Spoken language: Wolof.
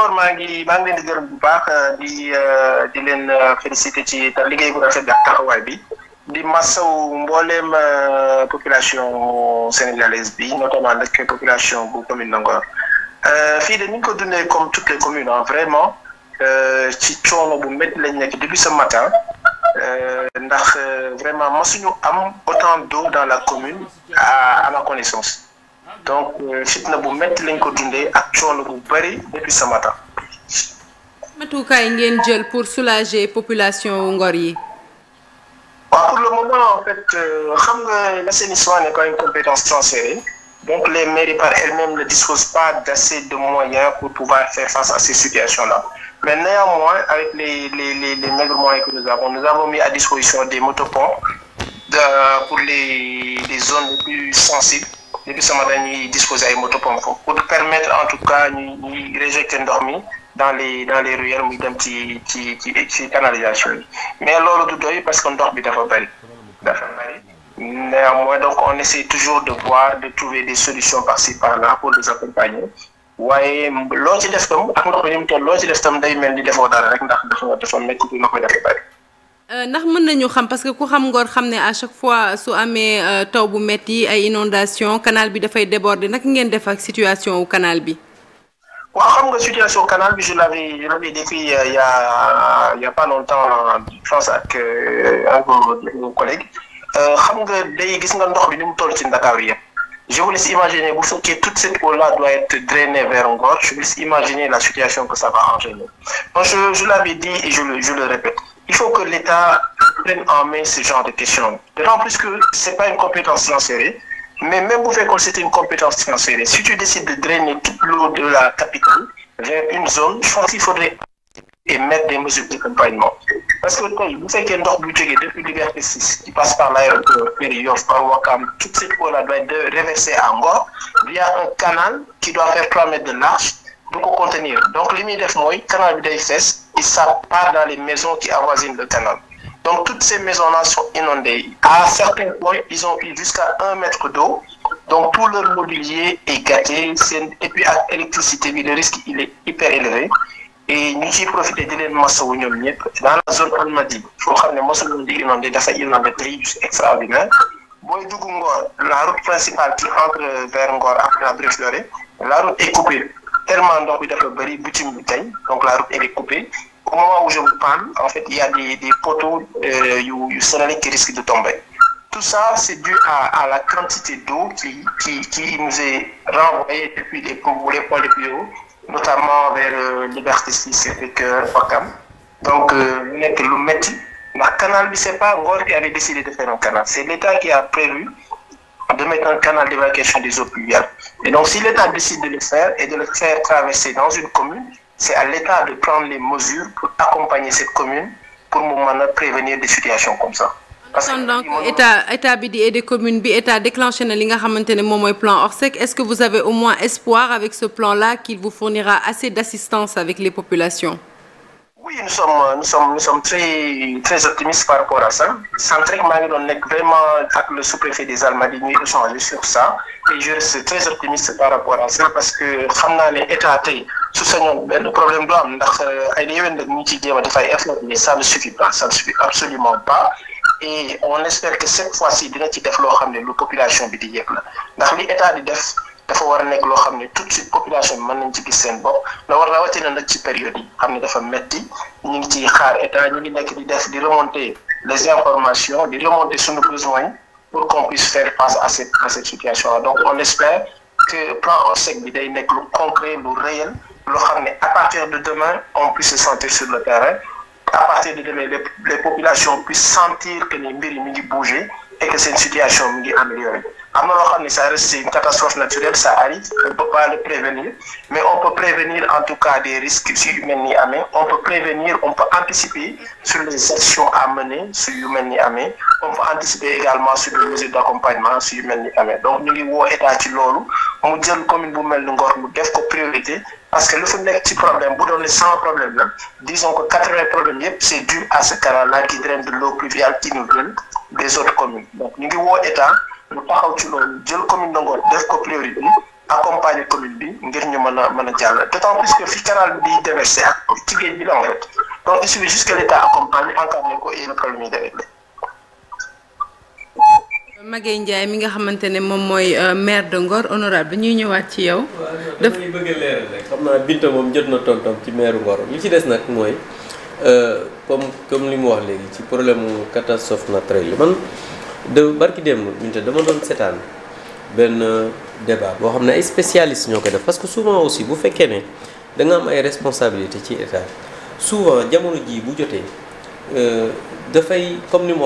d'abord maa ngi maa ngi leen di gërëm bu baax euh, di euh, di leen euh, féliciter ci ta liggéey bu rafet de ak taxawaay bi di masaw mbooleem population sénégalaise bi notamment nag population bu commune Ngor fii de ni ko dundee comme toutes les communes vraiment ci coono bu métti lañ nekk depuis ce matin ndax vraiment masuñu am autant d'eau dans la commune à à ma connaissance. donc euh, fitna bu metti lañ ko dundee ak coono bu bari depuis ce matin. matukaay ngeen jël pour soulager population Ngor yi. waaw pour le moment en fait euh, xam nga l'assainissement n'est pas une compétence transférée donc les mairies par elles-mêmes ne disposent pas d'assez de moyens pour pouvoir faire face à ces situations-là mais néanmoins avec les les les les maigres moyens que nous avons mis à disposition des motopompes de, euh, pour les les zones les plus sensibles. ñu gis sama dañuy disposer ay moto pompe pour permettre en tout cas ñuy ñuy réjecter ndox mi dans les dans les ruelles muy dem ci ci ci ci canalisation yi mais loolu du doy parce que ndox bi dafa bëri dafa bëri néanmoins donc on essaie toujours de voir de trouver des solutions par-ci par-là pour les accompagner waaye loo ci def tam ak ndox mi ni mu toll loo ci def tam day mel ni defoo dara rek ndax dafa dafa métti bi nga koy dafa bëri Euh, ndax mën nañu xam parce que ku xam Ngor xam ne à chaque fois su amee euh, taw bu metti ay inondation kanaal bi dafay déborder naka ngeen def ak situation wu canal bi. waaw xam nga situation canal bi je l'avais je l'avais décrit euh, il ak ak xam nga day gis nga ndox bi ni mu toll ci Ndakaaru yëpp je vous laisse imaginer bu fekkee toute cette eau-là doit être drainée vers Ngor je vous laisse imaginer la situation que ça va engendrer je je l'avais dit faut que l'État prenne en main ce genre de questions. D'autant plus que ce n'est pas une compétence transférée, mais même vous faites que c'est une compétence transférée. Si tu décides de drainer toute l'eau de la capitale vers une zone, qu'il faudrait et des mesures d'accompagnement. Parce que tey bu fekkee ndox bu jógee depuis Liberté 6 qui passe par l'aéroport Perry Yoff par Ouakam toute cette eau-là doit être reversée à Ngor via un canal qui doit faire trois mètres de large du ko contenir donc li muy def mooy canal bi et ça part dans les maisons qui avoisinent le canal. Donc toutes ces maisons-là sont inondées. À certains points, ils ont eu jusqu'à un mètre d'eau. Donc tout leur mobilier est gâté. Et puis à l'électricité, le risque il est hyper et ñu ciy profité di leen masawu ñoom ñëpp dans la zone Almadies foo xam ne mosuloon di inondé dafa inondé tey extraordinaire booy dugg Ngor la route principale qui entre vers Ngor après la Briflorée la route est coupée tellement ndox au moment où je vous parle, en fait, il y a des, des poteaux euh, you, you qui risquent de tomber. Tout ça, c'est dû à, la quantité d'eau qui, nous est renvoyée depuis les Congo, les points les plus hauts, notamment vers euh, Liberté 6 avec euh, Wakam. Donc, le mec le métier, le canal ne sait pas qui avait décidé de faire un canal. C'est l'État qui a prévu de mettre un canal d'évacuation des eaux pluviales. Et donc, si l'État décide de le faire et de le faire traverser dans une commune, c'est à l'État de prendre les mesures pour accompagner cette commune pour mu mën prévenir des situations comme ça. parce donc état état bi di aider commune bi état déclenché na li nga xamante ne moom mooy plan Orsec est-ce que vous avez au moins espoir avec ce plan les populations. oui nous sommes très optimistes par rapport à ça sànq maa ngi doon nekk vraiment ak le sous parce que xam naa ne état tey. su sañoon benn problème du am ndax euh, ay na yowén nag ñu ngi ciy jéem a def ay effort mais ça ne suffit pas ça ne suffit absolument pas on espère que cette fois-ci dina ci def loo xam ne lu population bi di yëg la ndax li état di def dafa war a nekk loo xam ne tout de population bi mën nañ ci gis seen bopp la war rawatina nag ci période yi xam ne dafa metti ñu ngi ciy xaar état ñu ngi nekk di def di remonter les informations di remonter suñu besoin pour qu'on puisse faire face à cette à cette donc on espère que plan ORSEC bi day nekk lu concret lu réel loo xam ne à partir de demain on puisse se sentir sur le terrain à partir de demain les, les populations puissent sentir que ni mbir yi mi ngi bouger et que seen situation mi ngi améliorer am na loo xam ne sa reste une catastrophe naturelle ça arrive on peut pas le prévenir mais on peut prévenir en tout cas des risques si yu mel ni amee on peut prévenir on peut anticiper sur les actions à mener su yu mel ni amee on peut anticiper également sur les mesures d'accompagnement ni amee donc ñu ngi woo état ci loolu mu jël commune bu mel ni Ngor mu def ko priorité parce que lu fi nekk ci problème bu doon ne cent problème la disons que quatre vingt problèmes yëpp c' est dû ce canal là qui draine de l'eau pluviale qui nous donne des autres communes donc ngi woo état mu taxaw ci loolu jël commune de Ngor def ko priorité accompagner ngir ñu mën a mën a jàll d' autant plus que fi canal bi déversé ak ci géej bi la en donc il suffit juste que l' état accompagne encadré ko et le problème Magueye Ndiaye mi nga xamante ne moom mooy euh, maire de Ngor honorable ñuy ñëwaat ci yow. daf may bëgg a leeral rek xam naa Binta moom jot na tontom ci maire Ngor li ci des nag mooy euh, comme comme li mu wax léegi ci problème mu catastrophe naturelle man de barki démb Binta dama doon seetaan benn euh, débat boo xam ne ay spécialistes ñoo koy def parce que souvent aussi bu fekkee ne danga am ay responsabilité ci état souvent jamono jii bu jotee dafay comme ni mu